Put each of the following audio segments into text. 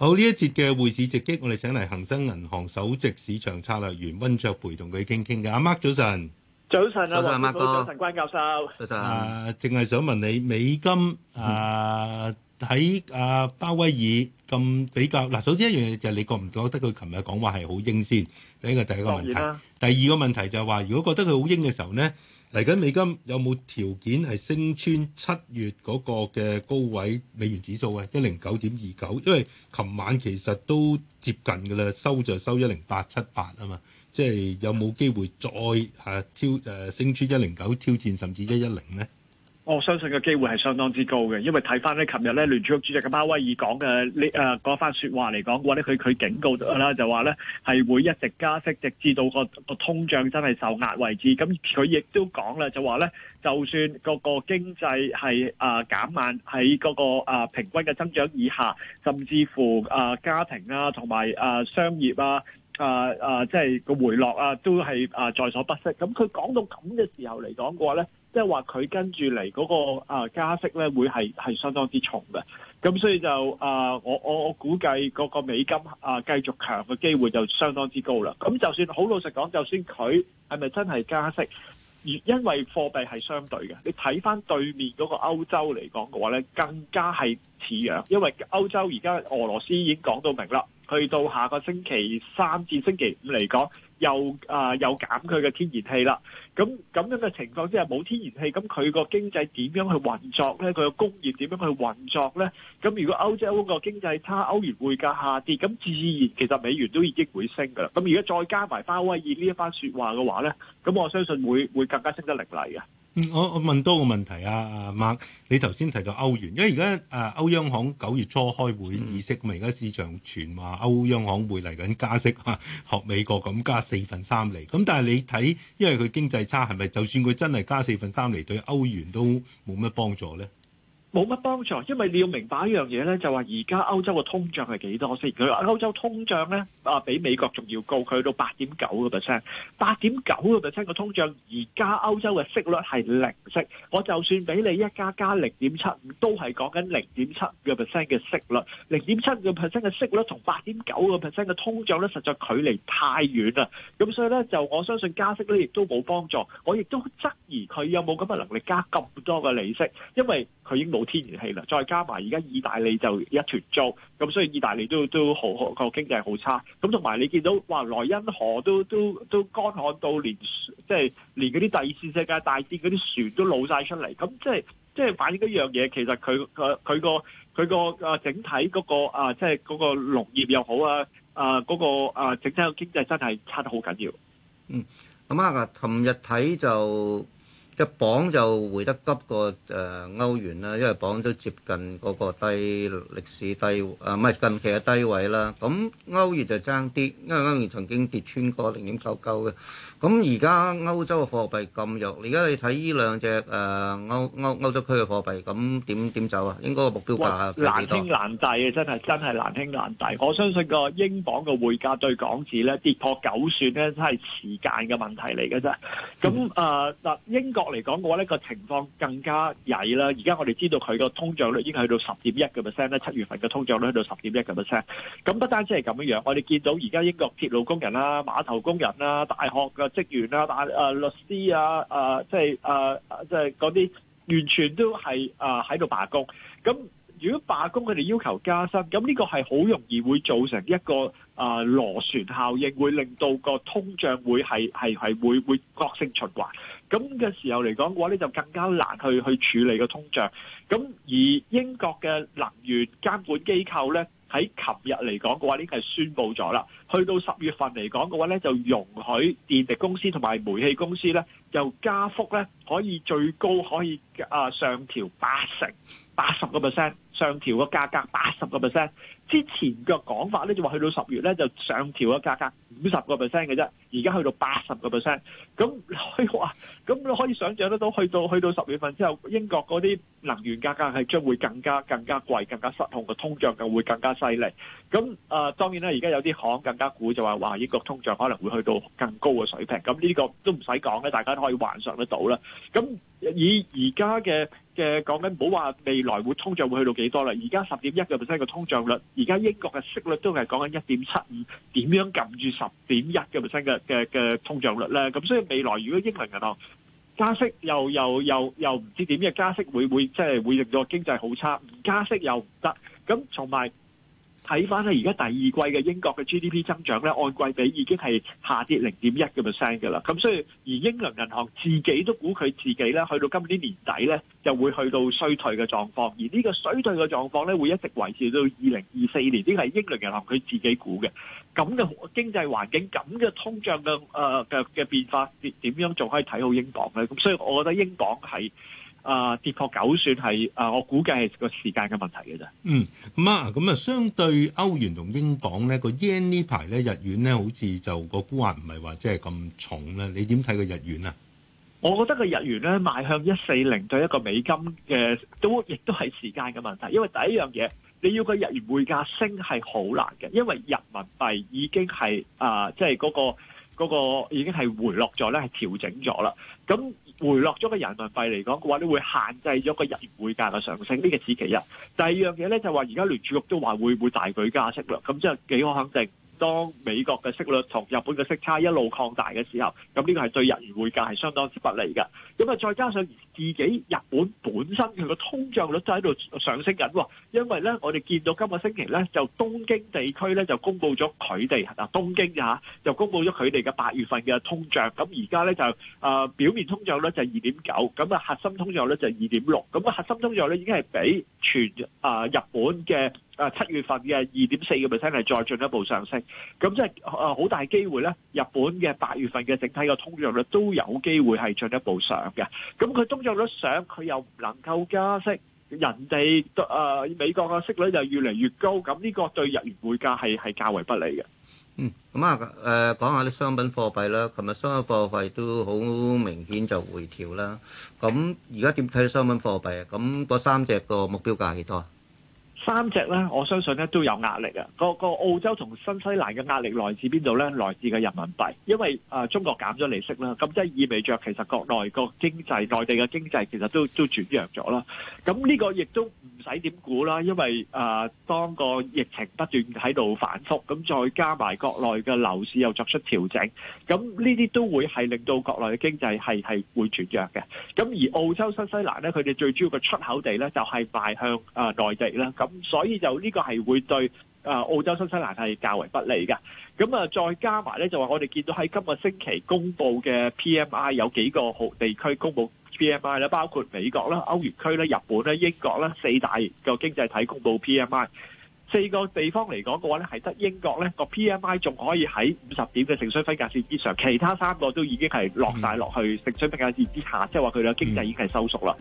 好呢一節嘅匯市直擊，我哋請嚟恒生銀行首席市場策略員温灼培同佢傾傾嘅。阿 Mark 早晨，早晨啊，Mark 早晨關教授，啊，淨係想問你美金啊喺啊鮑威爾咁比較嗱，首先一樣嘢就係你覺唔覺得佢琴日講話係好鷹先？第一個第一個問題，第二個問題就係話如果覺得佢好鷹嘅時候呢？嚟緊美金有冇條件係升穿七月嗰個嘅高位美元指數啊？一零九點二九，因為琴晚其實都接近㗎啦，收就收一零八七八啊嘛，即係有冇機會再嚇挑誒升穿一零九挑戰甚至一一零咧？我相信個機會係相當之高嘅，因為睇翻咧，琴日咧聯儲局主席嘅鮑威爾講嘅呢嗰番說話嚟講嘅話咧，佢佢警告咗啦，就話咧係會一直加息，直至到個個通脹真係受壓為止。咁佢亦都講啦，就話咧，就算個個經濟係啊減慢喺、嗰個、呃、平均嘅增長以下，甚至乎啊家庭啊同埋啊商業啊啊即係個回落啊，都係啊在所不惜。咁佢講到咁嘅時候嚟講嘅話咧。即係話佢跟住嚟嗰個啊加息咧，會係係相當之重嘅。咁所以就啊，我我我估計嗰個美金啊繼續強嘅機會就相當之高啦。咁就算好老實講，就算佢係咪真係加息，而因為貨幣係相對嘅，你睇翻對面嗰個歐洲嚟講嘅話咧，更加係似樣。因為歐洲而家俄羅斯已經講到明啦，去到下個星期三至星期五嚟講。又啊、呃、又減佢嘅天然氣啦，咁咁樣嘅情況之下冇天然氣，咁佢個經濟點樣去運作咧？佢個工業點樣去運作咧？咁如果歐洲嗰個經濟差，歐元匯價下跌，咁自然其實美元都已經會升㗎啦。咁而家再加埋鮑威爾呢一番說話嘅話咧，咁我相信會會更加升得凌厲嘅。我、嗯、我問多個問題啊，阿麥，你頭先提到歐元，因為而家啊歐央行九月初開會議息，咪而家市場傳話歐央行會嚟緊加息嚇，學美國咁加四分三厘。咁但係你睇，因為佢經濟差，係咪就算佢真係加四分三厘，對歐元都冇乜幫助咧？冇乜幫助，因為你要明白一樣嘢咧，就話而家歐洲嘅通脹係幾多先？佢話歐洲通脹咧啊，比美國仲要高，佢去到八點九個 percent，八點九個 percent 嘅通脹。而家歐洲嘅息率係零息，我就算俾你一加加零點七五，都係講緊零點七五個 percent 嘅息率，零點七五個 percent 嘅息率，同八點九個 percent 嘅通脹咧，實在距離太遠啦。咁所以咧，就我相信加息咧，亦都冇幫助。我亦都質疑佢有冇咁嘅能力加咁多嘅利息，因為。佢已經冇天然氣啦，再加埋而家意大利就一團糟，咁所以意大利都都好，個經濟好差，咁同埋你見到哇，萊茵河都都都乾旱到連即係連啲第二次世界大戰嗰啲船都老晒出嚟，就是，咁即係即係反映一樣嘢，其實佢佢佢個佢個啊整體嗰個啊即係嗰個農業又好啊啊嗰個啊整體個經濟真係差得好緊要。嗯，咁啊，琴日睇就。即磅就回得急過誒歐元啦，因為磅都接近嗰個低歷史低啊，唔係近期嘅低位啦。咁歐元就爭啲，因為歐元曾經跌穿過零點九九嘅。咁而家歐洲嘅貨幣咁弱，而家你睇呢兩隻誒歐歐歐洲區嘅貨幣，咁點點走啊？應該個目標價係幾多？難兄難弟啊！真係真係難兄難弟。我相信個英磅嘅匯價對港紙咧跌破九算咧，真係時間嘅問題嚟嘅啫。咁誒嗱英國嚟講嘅話，呢個情況更加曳啦。而家我哋知道佢個通脹率已經去到十點一個 percent 咧，七月份嘅通脹率去到十點一個 percent。咁不單止係咁樣樣，我哋見到而家英國鐵路工人啦、啊、碼頭工人啦、啊、大學嘅職員啦、啊、大啊律師啊，啊、即係、啊即係啊即係嗰啲，即係、完全都係啊喺度罷工。咁如果罷工，佢哋要求加薪，咁呢個係好容易會造成一個啊螺旋效應，會令到個通脹會係係係會會惡性循環。咁嘅時候嚟講嘅話咧，就更加難去去處理個通脹。咁而英國嘅能源監管機構咧，喺琴日嚟講嘅話，呢個係宣布咗啦。去到十月份嚟講嘅話咧，就容許電力公司同埋煤氣公司咧，就加幅咧可以最高可以啊上調八成八十個 percent，上調個價格八十個 percent。之前嘅講法咧就話去到十月咧就上調個價格五十個 percent 嘅啫。而已。而家去到八十個 percent，咁哇，咁你可以想象得到，去到去到十月份之後，英國嗰啲能源價格係將會更加更加貴，更加失控嘅通脹就會更加犀利。咁啊，當然啦，而家有啲行更加估就話，英國通脹可能會去到更高嘅水平。咁呢個都唔使講咧，大家都可以幻想得到啦。咁以而家嘅嘅講緊，唔好話未來會通脹會去到幾多啦。而家十點一個 percent 嘅通脹率，而家英國嘅息率都係講緊一點七五，點樣撳住十點一嘅 percent 嘅？嘅嘅通脹率咧，咁所以未來如果英明銀行加息又又又又唔知點樣加息會會即係會令到經濟好差，唔加息又唔得，咁同埋。睇翻咧，而家第二季嘅英國嘅 GDP 增長咧，按季比已經係下跌零點一嘅 percent 嘅啦。咁所以，而英倫銀行自己都估佢自己咧，去到今年年底咧，就會去到衰退嘅狀況。而呢個衰退嘅狀況咧，會一直維持到二零二四年。呢個係英倫銀行佢自己估嘅。咁嘅經濟環境，咁嘅通脹嘅誒嘅嘅變化點點樣仲可以睇好英鎊咧？咁所以，我覺得英鎊係。啊、呃，跌破九算係啊、呃，我估計係個時間嘅問題嘅啫、嗯。嗯，咁、嗯、啊，咁、嗯、啊，相對歐元同英鎊咧，個 yen 呢排咧，日元咧，好似就、那個沽壓唔係話即係咁重咧。你點睇個日元啊？我覺得個日元咧，邁向一四零對一個美金嘅，都亦都係時間嘅問題。因為第一樣嘢，你要個日元匯價升係好難嘅，因為人民幣已經係啊，即係嗰個嗰、那個已經係回落咗咧，係調整咗啦。咁回落咗個人民幣嚟講嘅話，你會限制咗個人民匯價嘅上升，呢個只其一。第二樣嘢咧就話，而家聯儲局都話會唔會大舉加息啦，咁即係幾可肯定。當美國嘅息率同日本嘅息差一路擴大嘅時候，咁呢個係對日元匯價係相當之不利嘅。咁啊，再加上自己日本本身佢個通脹率就喺度上升緊，因為咧我哋見到今個星期咧就東京地區咧就公布咗佢哋啊東京也就公布咗佢哋嘅八月份嘅通脹。咁而家咧就啊表面通脹咧就二點九，咁啊核心通脹咧就二點六。咁啊核心通脹咧已經係比全啊日本嘅。誒七月份嘅二點四個 percent 係再進一步上升，咁即係誒好大機會咧。日本嘅八月份嘅整體嘅通脹率都有機會係進一步上嘅。咁佢通脹率上，佢又唔能夠加息，人哋誒、呃、美國嘅息率就越嚟越高，咁呢個對日元匯價係係較為不利嘅、嗯。嗯，咁啊誒講下啲商品貨幣啦。琴日商品貨幣都好明顯就回調啦。咁而家點睇商品貨幣啊？咁嗰三隻個目標價係幾多？三隻咧，我相信咧都有壓力啊！個個澳洲同新西蘭嘅壓力來自邊度咧？來自嘅人民幣，因為啊、呃，中國減咗利息啦，咁即係意味着，其實國內個經濟、內地嘅經濟其實都都轉弱咗啦。咁呢個亦都，睇點估啦？因為啊，當個疫情不斷喺度反覆，咁再加埋國內嘅樓市又作出調整，咁呢啲都會係令到國內嘅經濟係係會轉弱嘅。咁而澳洲、新西蘭咧，佢哋最主要嘅出口地咧就係賣向啊內地啦。咁所以就呢個係會對啊澳洲、新西蘭係較為不利嘅。咁啊，再加埋咧就話我哋見到喺今個星期公布嘅 PMI 有幾個好地區公布。P M I 啦，包括美國啦、歐元區啦、日本啦、英國啦四大個經濟體公布 P M I，四個地方嚟講嘅話咧，係得英國咧個 P M I 仲可以喺五十點嘅盛衰分界線之上，其他三個都已經係落晒落去盛衰分界線之下，即係話佢哋嘅經濟已經係收縮啦。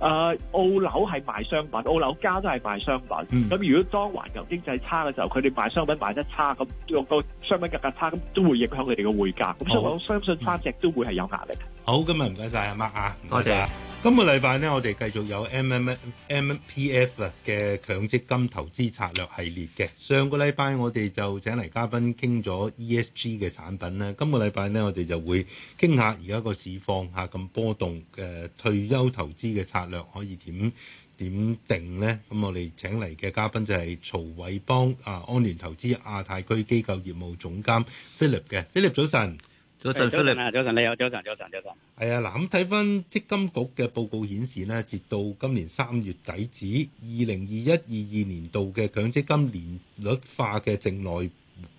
誒、嗯，uh, 澳紐係賣商品，澳紐加都係賣商品。咁、嗯、如果當環球經濟差嘅時候，佢哋賣商品賣得差，咁個商品價格,格差，咁都會影響佢哋嘅匯價。咁所以我相信三隻都會係有壓力。好，今日唔該晒阿 Mark，唔該晒。啊！多謝。今個禮拜呢，我哋繼續有 M M M P F 嘅強積金投資策略系列嘅。上個禮拜我哋就請嚟嘉賓傾咗 E S G 嘅產品啦。今個禮拜呢，我哋就會傾下而家個市況吓咁波動嘅、呃、退休投資嘅策略可以點點定呢？咁我哋請嚟嘅嘉賓就係曹偉邦啊，安聯投資亞太區機構業務總監 Philip 嘅，Philip 早晨。早晨，早晨啊，早晨你好，早晨，早晨，早晨。係啊，嗱咁睇翻積金局嘅報告顯示呢，截到今年三月底止，二零二一二二年度嘅強積金年率化嘅淨內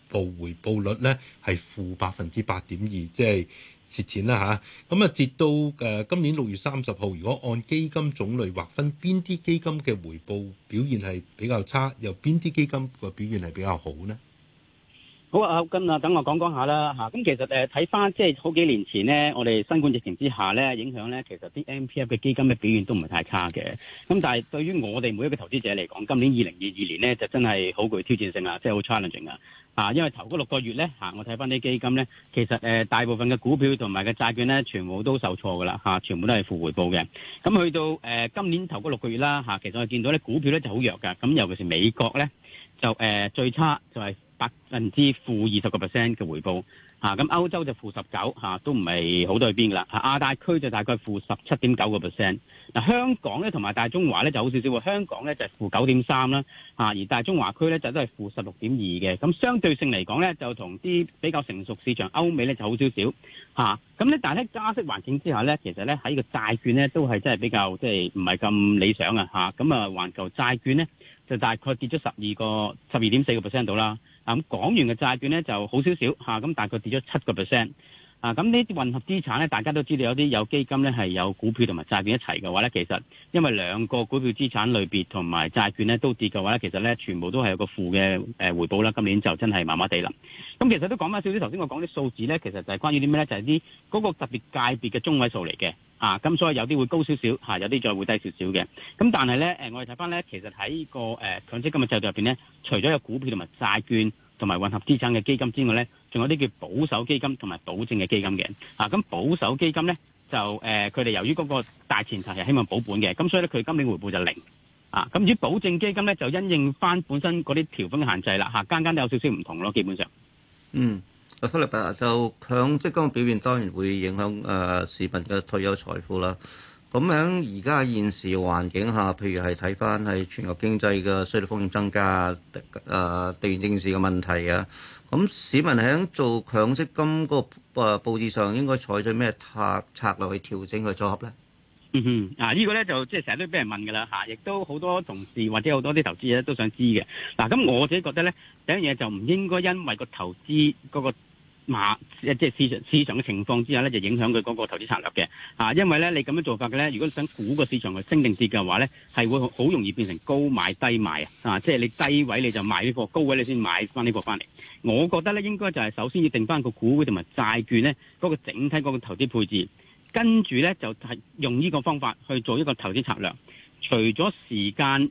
部回報率呢，係負百分之八點二，即係蝕錢啦吓。咁啊，截到誒今年六月三十號，如果按基金種類劃分，邊啲基金嘅回報表現係比較差？又邊啲基金個表現係比較好呢？好啊，歐金啊，等我講講下啦咁、啊、其實誒睇翻即係好幾年前呢，我哋新冠疫情之下咧，影響咧，其實啲 MPF 嘅基金嘅表現都唔係太差嘅。咁、啊、但係對於我哋每一個投資者嚟講，今年二零二二年咧就真係好具挑戰性啊，即係好 challenging 啊。啊，因為頭嗰六個月咧、啊、我睇翻啲基金咧，其實誒、呃、大部分嘅股票同埋嘅債券咧，全部都受挫㗎啦，全部都係負回報嘅。咁、啊、去到誒、呃、今年頭嗰六個月啦、啊、其實我見到呢股票咧就好弱㗎。咁、啊、尤其是美國咧就、呃、最差就係百分之負二十個 percent 嘅回報嚇，咁、啊、歐洲就負十九嚇，都唔係好多去邊噶啦嚇。亞大區就大概負十七點九個 percent。嗱、啊、香港咧同埋大中華咧就好少少喎、啊，香港咧就係、是、負九點三啦嚇，而大中華區咧就都、是、係負十六點二嘅。咁、就是啊、相對性嚟講咧，就同啲比較成熟市場歐美咧就好少少嚇。咁、啊、咧，但係加息環境之下咧，其實咧喺個債券咧都係真係比較即係唔係咁理想啊嚇。咁啊，環、啊、球債券咧就大概跌咗十二個十二點四個 percent 到啦。咁港元嘅債券咧就好少少吓，咁大概跌咗七個 percent。啊，咁呢啲混合資產咧，大家都知道有啲有基金咧係有股票同埋債券一齊嘅話咧，其實因為兩個股票資產類別同埋債券咧都跌嘅話咧，其實咧全部都係有個負嘅誒回報啦。今年就真係麻麻地啦。咁其實都講翻少少，頭先我講啲數字咧，其實就係關於啲咩咧，就係啲嗰個特別界別嘅中位數嚟嘅。啊，咁所以有啲會高少少、啊，有啲再會低少少嘅。咁但係咧，誒我哋睇翻咧，其實喺個呃強積金嘅制度入邊咧，除咗有股票同埋債券同埋混合資產嘅基金之外咧。仲有啲叫保守基金同埋保證嘅基金嘅啊，咁保守基金咧就誒，佢、呃、哋由於嗰個大前提係希望保本嘅，咁、啊、所以咧佢今年回報就零啊。咁至於保證基金咧，就因應翻本身嗰啲條款嘅限制啦，嚇、啊、間間都有少少唔同咯，基本上。嗯，阿蘇力伯就響強積金嘅表現當然會影響誒、啊、市民嘅退休財富啦。咁喺而家現時環境下，譬如係睇翻係全球經濟嘅衰退風險增加，誒地緣政治嘅問題啊，咁市民喺做強積金個誒佈置上應該採取咩策策略去調整去組合咧？嗯哼，嗱、啊這個、呢個咧就即係成日都俾人問㗎啦嚇，亦、啊、都好多同事或者好多啲投資者都想知嘅。嗱、啊、咁我自己覺得咧，第一樣嘢就唔應該因為個投資嗰、那個馬即係市場市場嘅情況之下咧，就影響佢嗰個投資策略嘅嚇、啊。因為咧，你咁樣做法嘅咧，如果你想估個市場去升定跌嘅話咧，係會好容易變成高買低賣啊！啊，即係你低位你就買呢個，高位你先買翻呢個翻嚟。我覺得咧，應該就係首先要定翻個股同埋債券咧嗰個整體嗰個投資配置，跟住咧就係用呢個方法去做一個投資策略。除咗時間。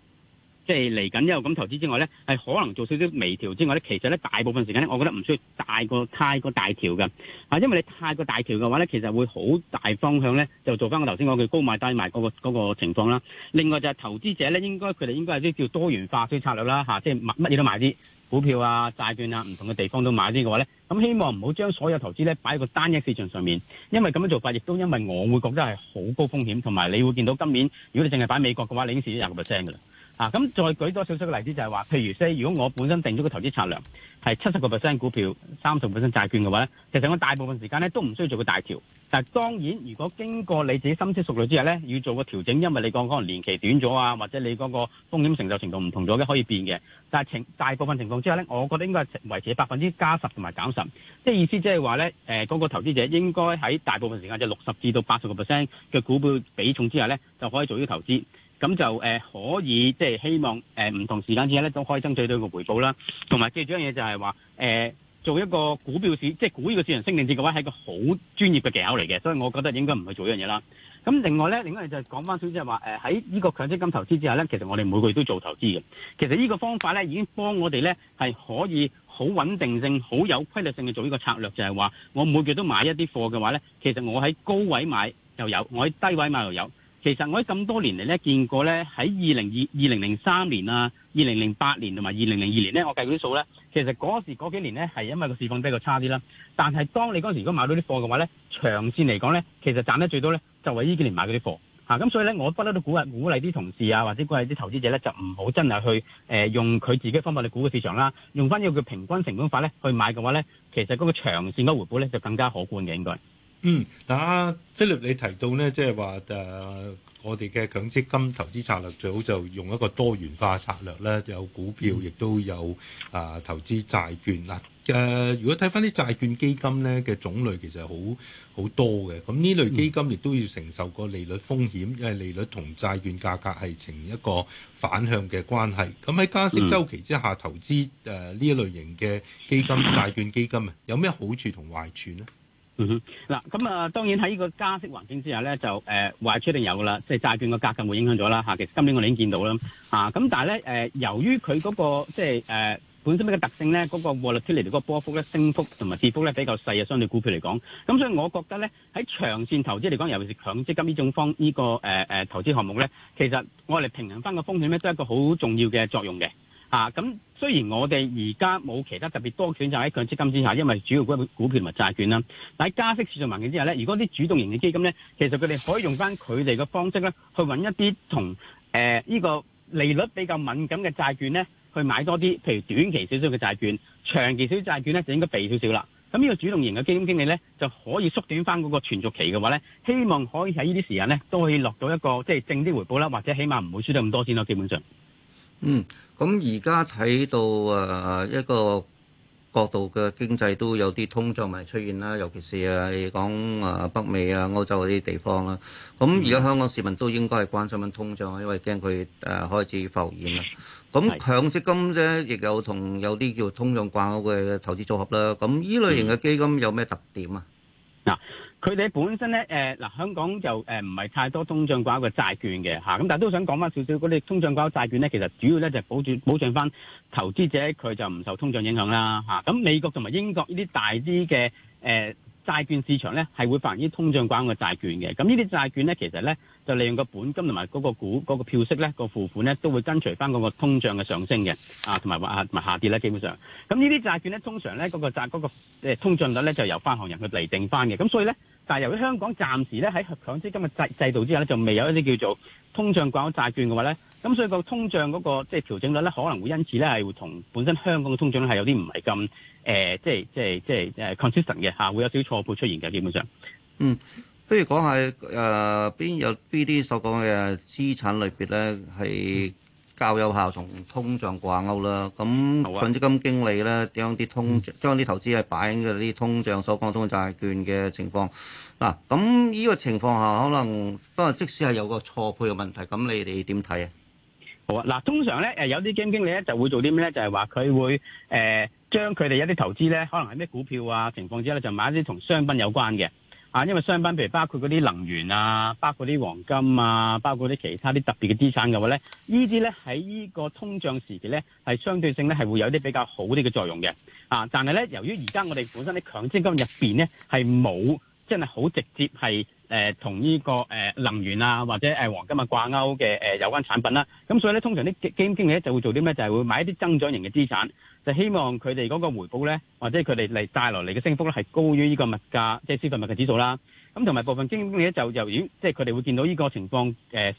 即係嚟緊有咁投資之外呢，係可能做少少微調之外呢。其實呢，大部分時間呢，我覺得唔需要大過太過大調嘅、啊、因為你太過大調嘅話呢，其實會好大方向呢，就做翻我頭先講嘅高買低賣嗰個嗰個情況啦。另外就係投資者呢，應該佢哋應該係啲叫多元化啲策略啦、啊、即係乜嘢都買啲股票啊、債券啊、唔同嘅地方都買啲嘅話呢。咁、嗯、希望唔好將所有投資呢擺喺個單一市場上面，因為咁樣做法亦都因為我會覺得係好高風險，同埋你會見到今年如果你淨係擺美國嘅話，你已經蝕咗廿個 percent 嘅啦。啊，咁再舉多少少嘅例子就係話，譬如如果我本身定咗個投資策略係七十個 percent 股票，三十個 percent 債券嘅話咧，其實我大部分時間咧都唔需要做個大調。但係當然，如果經過你自己深思熟慮之後咧，要做個調整，因為你講可能年期短咗啊，或者你嗰個風險承受程度唔同咗嘅，可以變嘅。但係情大部分情況之下咧，我覺得應該係維持百分之加十同埋減十，即係意思即係話咧，誒嗰個投資者應該喺大部分時間就六十至到八十個 percent 嘅股票比重之下咧，就可以做呢個投資。咁就誒、呃、可以，即係希望誒唔、呃、同時間之下咧，都可以爭取到個回報啦。同埋最主要一樣嘢就係話誒，做一個股票市，即係股呢個市場升定跌嘅話，係一個好專業嘅技巧嚟嘅，所以我覺得應該唔去做依樣嘢啦。咁另外咧，另外就講翻少少，即係話喺呢個強積金投資之下咧，其實我哋每個月都做投資嘅。其實呢個方法咧已經幫我哋咧係可以好穩定性、好有規律性嘅做呢個策略，就係、是、話我每個月都買一啲貨嘅話咧，其實我喺高位買又有，我喺低位買又有。其實我喺咁多年嚟呢，見過呢喺二零二二零零三年啊、二零零八年同埋二零零二年呢，我計過嗰啲數呢。其實嗰時嗰幾年呢，係因為個市況比較差啲啦。但係當你嗰時如果買到啲貨嘅話呢，長線嚟講呢，其實賺得最多呢，就係呢幾年買嗰啲貨吓。咁所以呢，我不嬲都鼓勵鼓勵啲同事啊，或者鼓勵啲投資者呢，就唔好真係去、呃、用佢自己方法嚟估嘅市場啦。用翻呢個叫平均成本法呢去買嘅話呢，其實嗰個長線嘅回報呢，就更加可觀嘅應該。嗯，嗱，菲律你提到咧，即係話，誒、呃，我哋嘅強積金投資策略最好就用一個多元化策略咧，有股票，亦、嗯、都有啊、呃、投資債券啦。誒、呃，如果睇翻啲債券基金咧嘅種類，其實好好多嘅。咁呢類基金亦都要承受個利率風險，嗯、因為利率同債券價格係呈一個反向嘅關係，咁喺加息週期之下，投資誒呢一類型嘅基金、債券基金啊，有咩好處同壞處呢？嗯哼，嗱，咁啊，當然喺呢個加息環境之下咧，就誒壞處一定有噶啦，即、就、係、是、債券個價格會影響咗啦、啊、其實今年我哋已經見到啦，嚇、啊、咁，但係咧、呃、由於佢嗰、那個即係誒本身呢個特性咧，嗰、那個 volatility 個波幅咧升幅同埋跌幅咧比較細啊，相對股票嚟講，咁所以我覺得咧喺長線投資嚟講，尤其是強積金呢種方呢、這個誒、呃、投資項目咧，其實我哋平衡翻個風險咧，都係一個好重要嘅作用嘅，咁、啊。雖然我哋而家冇其他特別多選擇喺強積金之下，因為主要股票同埋債券啦。但喺加息市場環境之下呢，如果啲主動型嘅基金呢，其實佢哋可以用翻佢哋嘅方式呢，去揾一啲同誒呢個利率比較敏感嘅債券呢，去買多啲，譬如短期少少嘅債券，長期少少債券呢，就應該避少少啦。咁呢個主動型嘅基金經理呢，就可以縮短翻嗰個存續期嘅話呢，希望可以喺呢啲時間呢，都可以落到一個即係、就是、正啲回報啦，或者起碼唔會輸得咁多先咯，基本上。嗯，咁而家睇到啊，一個角度嘅經濟都有啲通脹咪出現啦，尤其是係講啊北美啊、歐洲嗰啲地方啦。咁而家香港市民都應該係關心緊通脹，因為驚佢誒開始浮現啦。咁強積金啫，亦有同有啲叫通脹掛鈎嘅投資組合啦。咁依類型嘅基金有咩特點啊？佢哋本身咧，誒、呃、嗱香港就誒唔係太多通脹掛鈎嘅債券嘅嚇，咁、啊、但係都想講翻少少嗰啲通脹掛鈎債券咧，其實主要咧就保住保障翻投資者佢就唔受通脹影響啦嚇。咁、啊啊、美國同埋英國呢啲大啲嘅誒債券市場咧，係會發行啲通脹掛鈎嘅債券嘅。咁呢啲債券咧，其實咧就利用個本金同埋嗰個股嗰、嗰個票息咧、嗰個付款咧，都會跟隨翻嗰個通脹嘅上升嘅啊，同埋或同埋下跌咧基本上。咁呢啲債券咧，通常咧嗰、嗰個債嗰、嗰個通脹率咧就由分行人去釐定翻嘅，咁所以咧。但係由於香港暫時咧喺強積金嘅制制度之下咧，就未有一啲叫做通脹掛鈎債券嘅話咧，咁所以個通脹嗰個即係調整率咧，可能會因此咧係會同本身香港嘅通脹咧係有啲唔係咁誒，即係即係即係誒 consistent 嘅嚇，會有少少錯配出現嘅基本上。嗯，不如講下誒邊有邊啲所講嘅資產類別咧係。是較有效同通脹掛鈎啦，咁揾資金經理咧，將啲通將啲投資係擺喺嗰啲通脹所講通債券嘅情況。嗱，咁依個情況下，可能當然即使係有個錯配嘅問題，咁你哋點睇啊？好啊，嗱，通常咧誒有啲基金經理咧就會做啲咩咧？就係話佢會誒將佢哋一啲投資咧，可能係咩股票啊情況之下，就買一啲同商品有關嘅。啊，因為商品譬如包括嗰啲能源啊，包括啲黃金啊，包括啲其他啲特別嘅資產嘅話咧，呢啲咧喺呢個通脹時期咧，係相對性咧係會有啲比較好啲嘅作用嘅。啊，但係咧，由於而家我哋本身啲強積金入邊咧係冇真係好直接係誒同呢個誒、呃、能源啊或者誒黃金啊掛鈎嘅誒有關產品啦、啊，咁所以咧通常啲基金經理咧就會做啲咩？就係、是、會買一啲增長型嘅資產。就希望佢哋嗰個回報咧，或者佢哋嚟帶來嚟嘅升幅咧，係高於呢個物價，即係消費物價指數啦。咁同埋部分經理咧，就由於即係佢哋會見到呢個情況，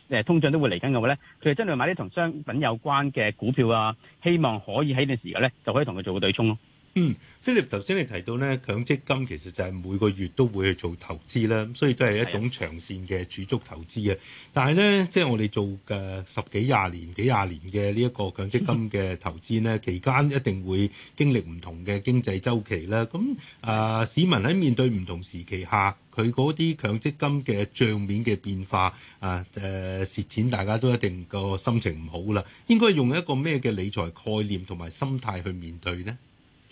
誒通脹都會嚟緊嘅話咧，佢哋真係會買啲同商品有關嘅股票啊，希望可以喺呢段時間咧就可以同佢做個對沖咯。嗯，Philip 頭先你提到咧，強積金其實就係每個月都會去做投資啦，咁所以都係一種長線嘅儲蓄投資嘅。但係咧，即係我哋做嘅十幾廿年、幾廿年嘅呢一個強積金嘅投資咧，期間一定會經歷唔同嘅經濟周期啦。咁啊、呃，市民喺面對唔同時期下，佢嗰啲強積金嘅帳面嘅變化啊誒、呃、蝕錢，大家都一定個心情唔好啦。應該用一個咩嘅理財概念同埋心態去面對呢？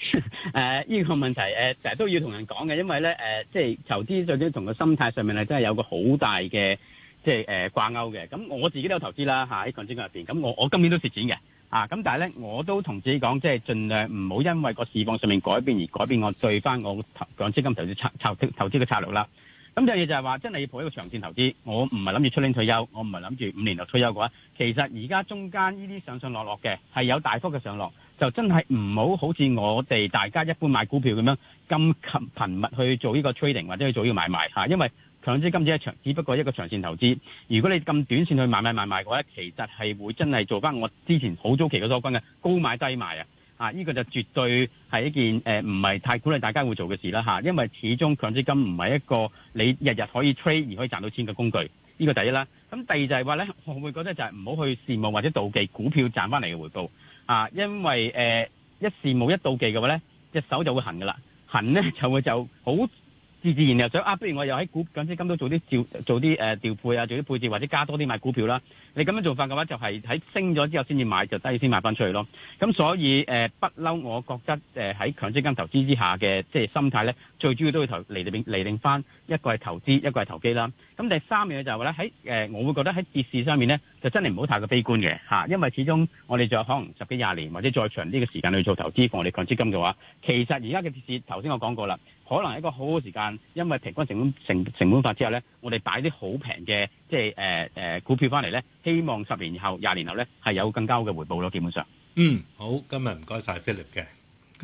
誒，呢、 呃這個問題誒，成日、呃、都要同人講嘅，因為咧誒、呃，即係投資，最緊要同個心態上面咧，真係有個好大嘅即係誒、呃、掛鈎嘅。咁我自己都有投資啦，吓喺強積金入邊。咁我我今年都蝕錢嘅，咁、啊、但係咧，我都同自己講，即係盡量唔好因為個市況上面改變而改變我對翻我投強積金投資策投資投資嘅策略啦。咁第二樣嘢就係話，真係要抱一個長線投資。我唔係諗住出年退休，我唔係諗住五年就退休嘅話，其實而家中間呢啲上上落落嘅係有大幅嘅上落。就真係唔好好似我哋大家一般買股票咁樣咁頻密去做呢個 trading 或者去做呢個買賣吓，因為強積金只係長，只不過一個長線投資。如果你咁短線去買買買買嘅話，其實係會真係做翻我之前好早期嘅多講嘅高買低賣啊！呢個就絕對係一件誒唔係太鼓勵大家會做嘅事啦，啊，因為始終強積金唔係一個你日日可以 trade 而可以賺到錢嘅工具，呢個第一啦。咁第二就係話咧，我會覺得就係唔好去羨慕或者妒忌股票賺翻嚟嘅回報。啊，因為誒、呃、一事冇一到期嘅話咧，隻手就會痕噶啦，痕咧就會就好。自自然又想啊，不如我又喺股強積金都做啲調做啲誒、呃、調配啊，做啲配置或者加多啲買股票啦。你咁樣做法嘅話，就係、是、喺升咗之後先至買，就低先賣翻出去咯。咁所以誒，不、呃、嬲，我覺得誒喺強積金投資之下嘅即係心態咧，最主要都要投釐定，釐定翻一個係投資，一個係投機啦。咁第三樣嘢就係話咧，喺誒、呃，我會覺得喺跌市上面咧，就真係唔好太過悲觀嘅嚇，因為始終我哋仲有可能十幾廿年或者再長啲嘅時間去做投資，放我哋強積金嘅話，其實而家嘅跌市頭先我講過啦。可能係一個好好時間，因為平均成本成成本法之後咧，我哋擺啲好平嘅，即係誒、呃呃、股票翻嚟咧，希望十年以後、廿年後咧係有更高嘅回報咯。基本上，嗯，好，今日唔該晒 Philip 嘅。